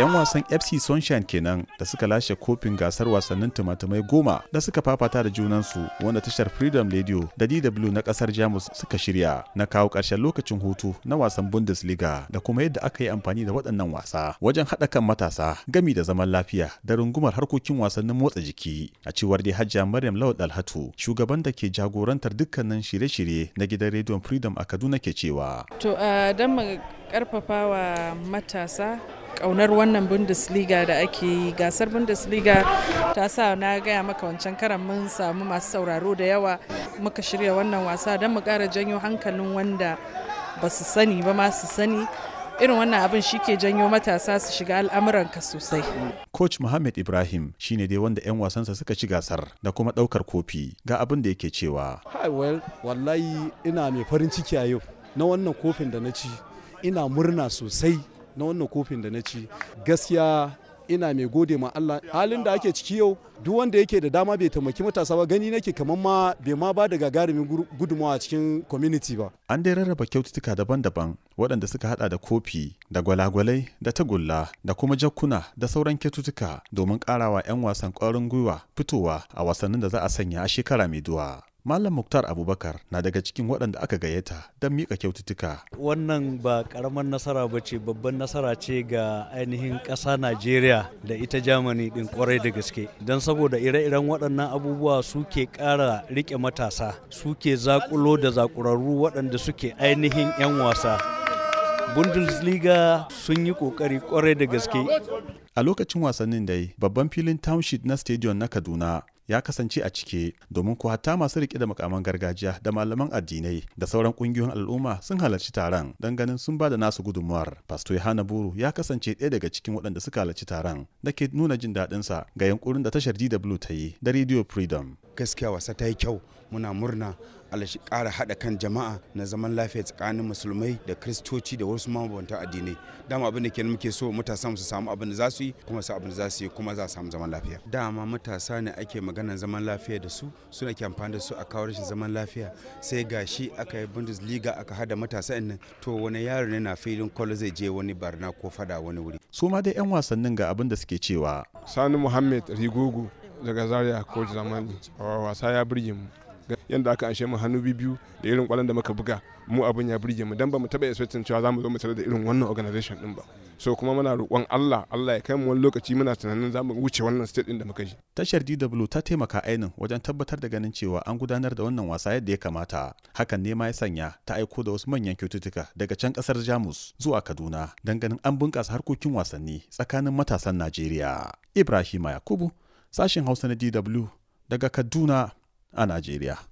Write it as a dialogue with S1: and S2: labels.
S1: 'Yan wasan FC Sunshine kenan da suka lashe kofin gasar wasannin tumatumai goma da suka fafata da junansu wanda tashar Freedom Radio da DW na kasar Jamus suka shirya na kawo ƙarshen lokacin hutu na wasan Bundesliga da kuma yadda aka yi amfani da waɗannan wasa wajen haɗa kan matasa gami da zaman lafiya da rungumar harkokin wasannin motsa jiki. A cewar dai Hajja Maryam Lawal Alhatu shugaban da ke jagorantar dukkanin shirye-shirye na gidan rediyon Freedom a Kaduna ke cewa.
S2: To eh, don mu karfafa wa matasa kaunar wannan bundesliga da ake yi gasar bundesliga ta sa na gaya maka wancan karan mun samu masu sauraro da yawa muka shirya wannan wasa don mu kara janyo hankalin wanda ba su sani ba ma su sani irin wannan abin shi ke janyo matasa su shiga al'amuranka sosai.
S1: Coach Muhammad Ibrahim shine dai wanda 'yan wasansa suka ci gasar da kuma daukar kofi ga abin da yake cewa.
S3: well, wallahi ina mai farin ciki a yau na wannan kofin da na ci ina murna sosai na wannan kofin da na ci gaskiya ina mai gode ma Allah halin da ake ciki yau duk wanda yake da dama bai taimaki matasa ba gani nake kamar ma bai ma ba da gagarumin gudunmawa cikin community ba
S1: an dai rarraba kyaututtuka daban-daban waɗanda suka hada da kofi da gwalagwalai da tagulla da kuma jakkuna da sauran kyaututtuka domin karawa 'yan wasan ƙwarin gwiwa fitowa a wasannin da za a sanya a shekara mai duwa. Malam Muktar Abubakar na daga cikin waɗanda aka gayyata don miƙa kyaututtuka.
S3: Wannan ba ƙaramar nasara ba ce babban nasara ce ga ainihin ƙasa Najeriya da ita Germany ɗin ƙwarai da gaske. Don saboda ire-iren waɗannan abubuwa suke ƙara riƙe matasa, suke zaƙulo da zaƙurarru waɗanda suke ainihin 'yan wasa. Bundesliga sun yi ƙoƙari ƙwarai da gaske. A lokacin
S1: wasannin dai, babban filin township na stadion na Kaduna ya kasance a cike domin ko hatta masu riƙe da makaman gargajiya da malaman addinai da sauran kungiyoyin al'umma sun halarci taron don ganin sun ba da nasu gudunmuwar. Pastor Yohana Buru ya kasance ɗaya daga cikin waɗanda suka halarci taron da ke nuna jin daɗinsa ga yankurin da tashar DW ta yi da Radio Freedom. gaskiya wasa ta yi kyau
S4: muna murna alashi ƙara haɗa kan jama'a na zaman lafiya tsakanin musulmai da kristoci da wasu mabambanta addinai dama abin da ke muke so matasa su samu abin da za su yi kuma su abin da za su yi kuma za su samu zaman lafiya dama matasa ne ake maganar zaman lafiya da su suna ke amfani da su a kawo rashin zaman lafiya sai gashi aka yi bundesliga aka hada matasa nan to wani yaro ne na filin kwallo zai je wani barna ko fada wani wuri
S5: su ma dai yan wasannin ga abin da suke cewa sani muhammad Rigugu. daga zaria ko zamani wasa ya birge mu yadda aka anshe mu hannu biyu da irin kwallon da muka buga mu abin ya birge mu dan ba mu taba expecting cewa zamu zo mu tare da irin wannan organization din ba so kuma muna roƙon Allah Allah ya kai mu wani lokaci muna tunanin za mu wuce wannan state din da muka ji tashar DW ta taimaka ainin wajen tabbatar da ganin cewa an
S1: gudanar da wannan wasa yadda ya kamata hakan ne ma ya sanya ta aiko da wasu manyan kyaututtuka daga can kasar Jamus zuwa Kaduna dan ganin an bunƙasa harkokin wasanni tsakanin matasan Najeriya Ibrahim Yakubu sashen hausa na dw daga kaduna a najeriya